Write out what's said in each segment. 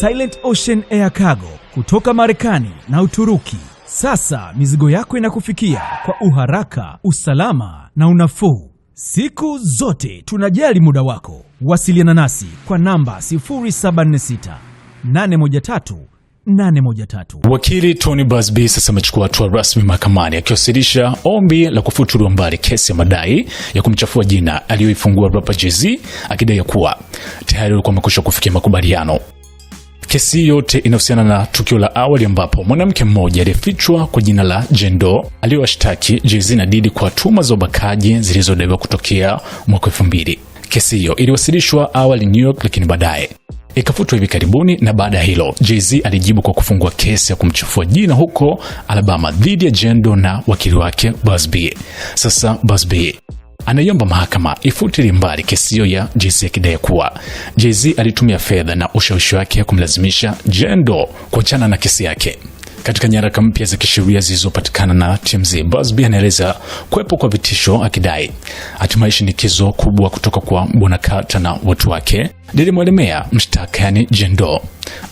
Silent Ocean Air Cargo kutoka Marekani na Uturuki. Sasa mizigo yako inakufikia kwa uharaka, usalama na unafuu. Siku zote tunajali muda wako. Wasiliana nasi kwa namba 076 813 813. Wakili Tony Busby sasa amechukua hatua rasmi mahakamani akiwasilisha ombi la kufutuliwa mbali kesi ya madai ya kumchafua jina aliyoifungua rapa Jay-Z akidai ya kuwa tayari alikuwa amekwisha kufikia makubaliano. Kesi yote inahusiana na tukio la awali ambapo mwanamke mmoja aliyefichwa kwa jina la Jendo aliyowashtaki Jay-Z na Diddy kwa tuhuma za ubakaji zilizodaiwa kutokea mwaka 2000. Kesi hiyo iliwasilishwa awali New York, lakini baadaye ikafutwa hivi karibuni. Na baada ya hilo, Jay-Z alijibu kwa kufungua kesi ya kumchafua jina huko Alabama dhidi ya Jendo na wakili wake Busby. Sasa Busby anaiomba mahakama ifutili mbali kesi hiyo ya Jay-Z akidai kuwa Jay-Z alitumia fedha na ushawishi wake kumlazimisha Jane Doe kuachana na kesi yake. Katika nyaraka mpya za kisheria zilizopatikana na TMZ, Busby anaeleza kuwepo kwa vitisho, akidai hatimaye shinikizo kubwa kutoka kwa Bwana Carter na watu wake lilimwelemea mshtaka, yani Jane Doe.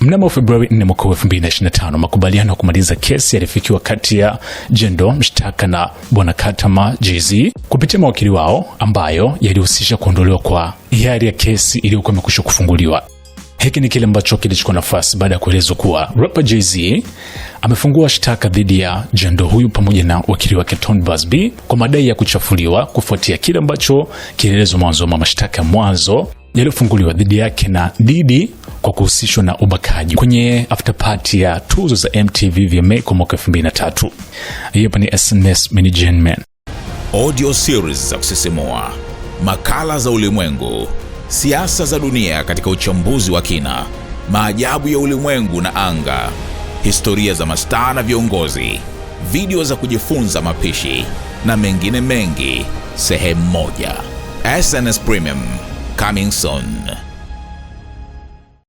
Mnamo Februari 4 mwaka 2025, makubaliano ya kumaliza kesi yalifikiwa kati ya Jendo mshtaka na bwana Katama JZ kupitia mawakili wao, ambayo yalihusisha kuondolewa kwa hiari ya kesi iliyokuwa imekwisha kufunguliwa. Hiki ni kile ambacho kilichukua nafasi baada ya kuelezwa kuwa rapa JZ amefungua shtaka dhidi ya Jendo huyu pamoja na wakili wake Tom Busby kwa madai ya kuchafuliwa kufuatia kile ambacho kielelezwa mwanzo mwa mashtaka ya mwanzo yaliyofunguliwa dhidi yake na Didi kwa kuhusishwa na ubakaji kwenye afterparty ya tuzo za MTV VMA kwa mwaka 2003. Hiyo ni SNS Management. Audio series za kusisimua, makala za ulimwengu, siasa za dunia katika uchambuzi wa kina, maajabu ya ulimwengu na anga, historia za mastaa na viongozi, video za kujifunza mapishi na mengine mengi, sehemu moja. SNS Premium coming soon.